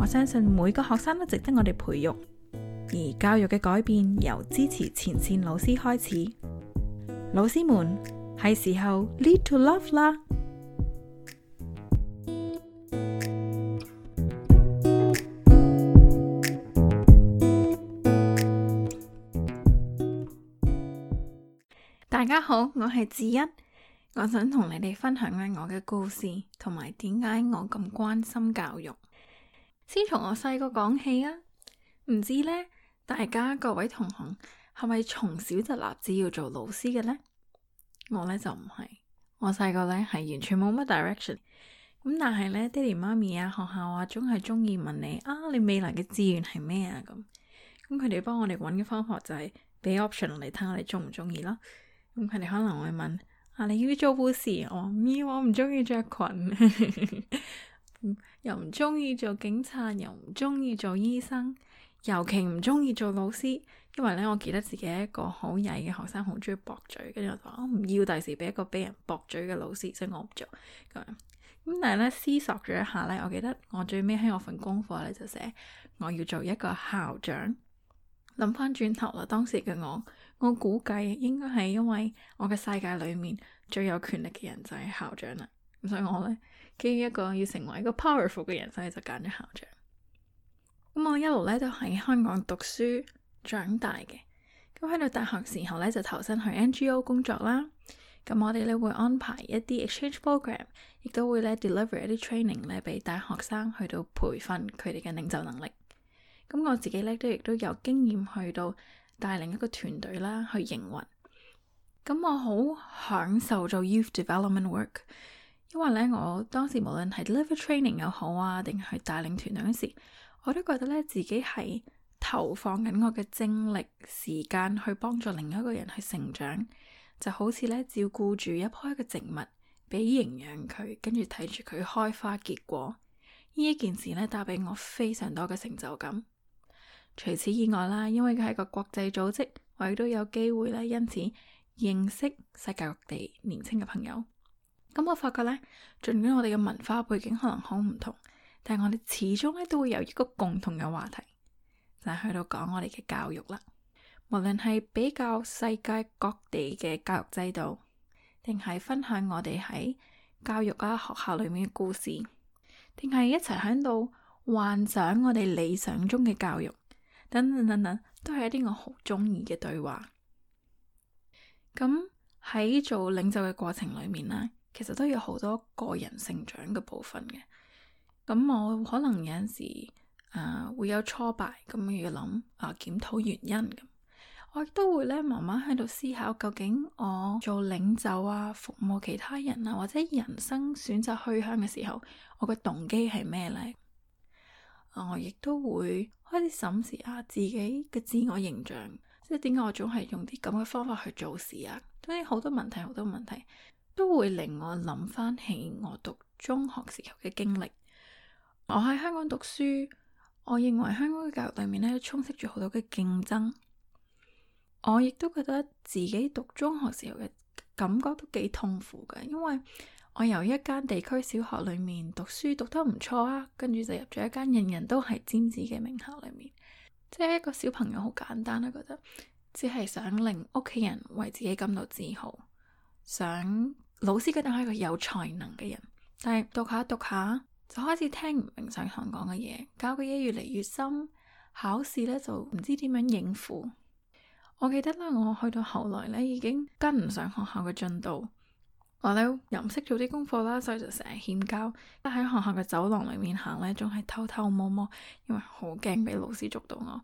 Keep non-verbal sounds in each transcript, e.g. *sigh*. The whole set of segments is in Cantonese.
我相信每個學生都值得我哋培育，而教育嘅改變由支持前線老師開始。老師們，係時候 lead to love 啦！大家好，我係子恩，我想同你哋分享下我嘅故事，同埋點解我咁關心教育。先從我細個講起啊，唔知呢，大家各位同行係咪從小就立志要做老師嘅呢？我呢就唔係，我細個呢，係完全冇乜 direction。咁但係呢，爹哋媽咪啊、學校啊，總係中意問你啊，你未來嘅志願係咩啊咁。咁佢哋幫我哋揾嘅方法就係畀 option 嚟睇下你中唔中意啦。咁佢哋可能會問啊，你要做護士？我唔要，我唔中意着裙。 *laughs* 又唔中意做警察，又唔中意做醫生，尤其唔中意做老師，因為咧我記得自己一個好曳嘅學生，好中意駁嘴，跟住我就話我唔要第時俾一個俾人駁嘴嘅老師，所以我唔做咁樣。咁但係咧思索咗一下咧，我記得我最尾喺我份功課咧就寫我要做一個校長。諗翻轉頭啦，當時嘅我，我估計應該係因為我嘅世界裏面最有權力嘅人就係校長啦，所以我咧。基於一個要成為一個 powerful 嘅人，所以就揀咗校長。咁我一路咧都喺香港讀書長大嘅，咁喺到大學時候咧就投身去 NGO 工作啦。咁我哋咧會安排一啲 exchange program，亦都會咧 deliver 一啲 training 咧俾大學生去到培訓佢哋嘅領袖能力。咁我自己咧都亦都有經驗去到帶另一個團隊啦去營運。咁我好享受做 youth development work。因為咧，我當時無論係 deliver training 又好啊，定係帶領團隊嗰時，我都覺得咧自己係投放緊我嘅精力、時間去幫助另外一個人去成長，就好似咧照顧住一棵、一個植物，俾營養佢，跟住睇住佢開花結果。呢一件事咧帶俾我非常多嘅成就感。除此以外啦，因為佢係個國際組織，我亦都有機會咧，因此認識世界各地年輕嘅朋友。咁我發覺呢，儘管我哋嘅文化背景可能好唔同，但係我哋始終呢都會有一個共同嘅話題，就係去到講我哋嘅教育啦。無論係比較世界各地嘅教育制度，定係分享我哋喺教育啊學校裏面嘅故事，定係一齊響度幻想我哋理想中嘅教育，等等等等，都係一啲我好中意嘅對話。咁喺做領袖嘅過程裏面呢。其實都有好多個人成長嘅部分嘅，咁我可能有陣時誒、呃、會有挫敗，咁要諗啊、呃、檢討原因咁，我亦都會咧慢慢喺度思考，究竟我做領袖啊，服務其他人啊，或者人生選擇去向嘅時候，我嘅動機係咩呢？我亦都會開始審視下、啊、自己嘅自我形象，即係點解我總係用啲咁嘅方法去做事啊？當然好多問題，好多問題。都會令我諗翻起我讀中學時候嘅經歷。我喺香港讀書，我認為香港嘅教育裏面呢，充斥住好多嘅競爭。我亦都覺得自己讀中學時候嘅感覺都幾痛苦嘅，因為我由一間地區小學裏面讀書讀得唔錯啊，跟住就入咗一間人人都係尖子嘅名校裏面。即係一個小朋友好簡單啦，覺得只係想令屋企人為自己感到自豪。想老師覺得我係一個有才能嘅人，但係讀下讀下就開始聽唔明上堂講嘅嘢，教嘅嘢越嚟越深，考試咧就唔知點樣應付。我記得啦，我去到後來咧已經跟唔上學校嘅進度，我咧又唔識做啲功課啦，所以就成日欠交。喺學校嘅走廊裏面行咧，仲係偷偷摸摸，因為好驚俾老師捉到我。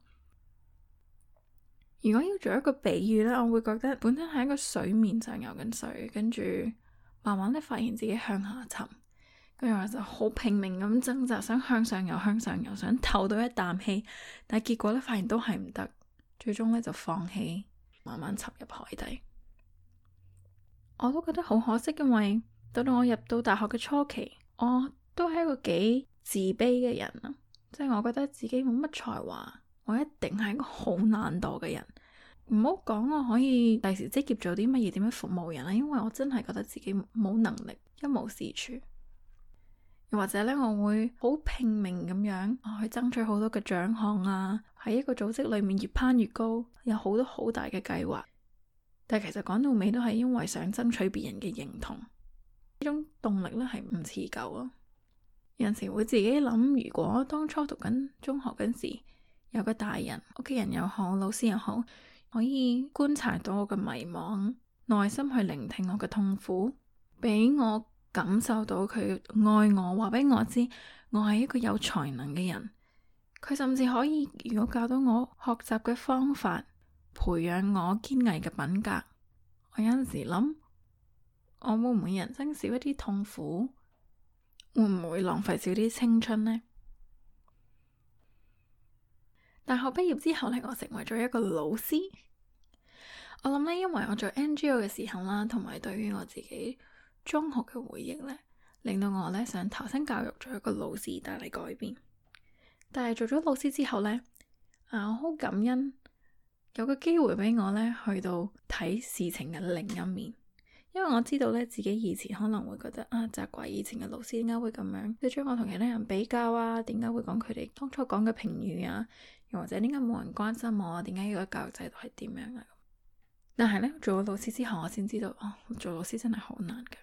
如果要做一個比喻呢，我會覺得本身係一個水面上游緊水，跟住慢慢哋發現自己向下沉，跟住我就好拼命咁掙扎，想向上游向上游，想透到一啖氣，但係結果呢，發現都係唔得，最終呢，就放棄，慢慢沉入海底。我都覺得好可惜，因為到到我入到大學嘅初期，我都係一個幾自卑嘅人啊，即係我覺得自己冇乜才華。我一定係一個好懶惰嘅人，唔好講我可以第時職業做啲乜嘢，點樣服務人啊？因為我真係覺得自己冇能力，一無是處。又或者呢，我會好拼命咁樣去爭取好多嘅獎項啊，喺一個組織裏面越攀越高，有好多好大嘅計劃。但其實講到尾都係因為想爭取別人嘅認同，呢種動力咧係唔持久啊。有時會自己諗，如果當初讀緊中學嗰時。有個大人，屋企人又好，老師又好，可以觀察到我嘅迷惘，耐心去聆聽我嘅痛苦，畀我感受到佢愛我，話畀我知我係一個有才能嘅人。佢甚至可以，如果教到我學習嘅方法，培養我堅毅嘅品格。我有陣時諗，我會唔會人生少一啲痛苦，會唔會浪費少啲青春呢？大學畢業之後咧，我成為咗一個老師。我諗咧，因為我做 NGO 嘅時候啦，同埋對於我自己中學嘅回憶咧，令到我咧想投身教育做一個老師，帶嚟改變。但係做咗老師之後咧，啊，我好感恩有個機會俾我咧去到睇事情嘅另一面，因為我知道咧自己以前可能會覺得啊，責怪以前嘅老師點解會咁樣，你將我同其他人比較啊，點解會講佢哋當初講嘅評語啊。又或者點解冇人關心我？點解呢個教育制度係點樣呀？但係呢，做咗老師之後，我先知道哦，做老師真係好難嘅。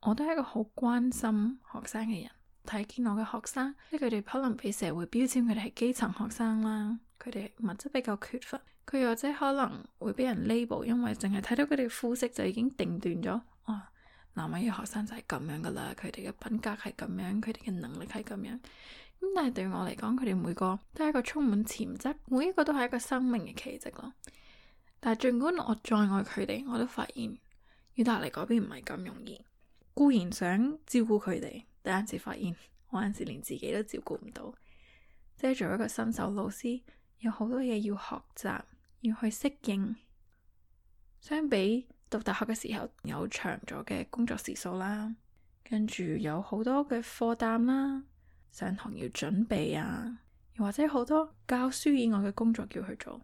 我都係一個好關心學生嘅人，睇見我嘅學生，即係佢哋可能俾社會標籤，佢哋係基層學生啦，佢哋物質比較缺乏，佢又或者可能會俾人 label，因為淨係睇到佢哋嘅膚色就已經定斷咗，哦，南亞嘅學生就係咁樣㗎啦，佢哋嘅品格係咁樣，佢哋嘅能力係咁樣。咁但係對我嚟講，佢哋每個都係一個充滿潛質，每一個都係一個生命嘅奇蹟咯。但係盡管我再愛佢哋，我都發現要帶嚟嗰邊唔係咁容易。固然想照顧佢哋，但係我發現我有陣時連自己都照顧唔到。即係做一個新手老師，有好多嘢要學習，要去適應。相比讀大學嘅時候有長咗嘅工作時數啦，跟住有好多嘅課擔啦。上堂要準備啊，又或者好多教書以外嘅工作要去做。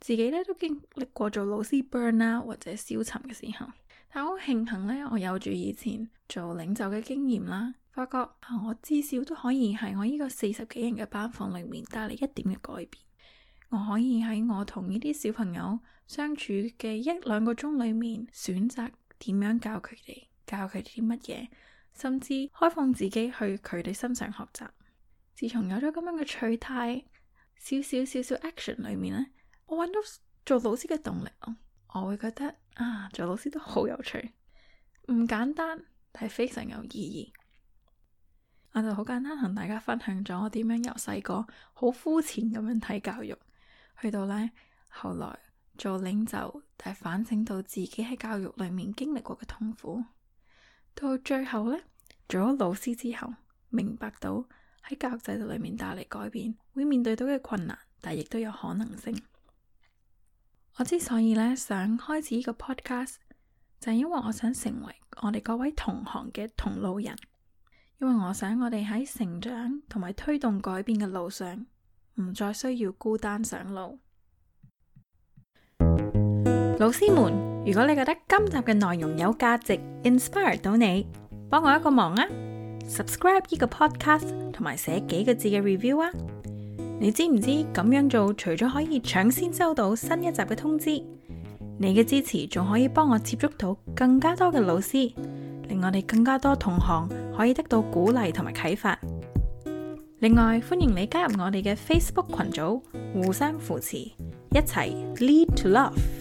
自己咧都經歷過做老師 burn 啦、啊，或者消沉嘅時候。但好慶幸呢，我有住以前做領袖嘅經驗啦，發覺我至少都可以喺我呢個四十幾人嘅班房裏面帶嚟一點嘅改變。我可以喺我同呢啲小朋友相處嘅一兩個鐘裏面，選擇點樣教佢哋，教佢哋啲乜嘢。甚至開放自己去佢哋身上學習。自從有咗咁樣嘅趣態，少少少少 action 裏面呢，我揾到做老師嘅動力。我會覺得啊，做老師都好有趣，唔簡單，但係非常有意義。我就好簡單同大家分享咗我點樣由細個好膚淺咁樣睇教育，去到呢，後來做領袖，但係反省到自己喺教育裏面經歷過嘅痛苦。到最後呢，做咗老師之後，明白到喺教育制度裏面帶嚟改變會面對到嘅困難，但亦都有可能性。我之所以呢想開始呢個 podcast，就係因為我想成為我哋各位同行嘅同路人，因為我想我哋喺成長同埋推動改變嘅路上，唔再需要孤單上路。老師們。如果你覺得今集嘅內容有價值，inspire 到你，幫我一個忙啊，subscribe 呢個 podcast，同埋寫幾個字嘅 review 啊。你知唔知咁樣做除咗可以搶先收到新一集嘅通知，你嘅支持仲可以幫我接觸到更加多嘅老師，令我哋更加多同行可以得到鼓勵同埋啟發。另外，歡迎你加入我哋嘅 Facebook 群組，互相扶持，一齊 Lead to Love。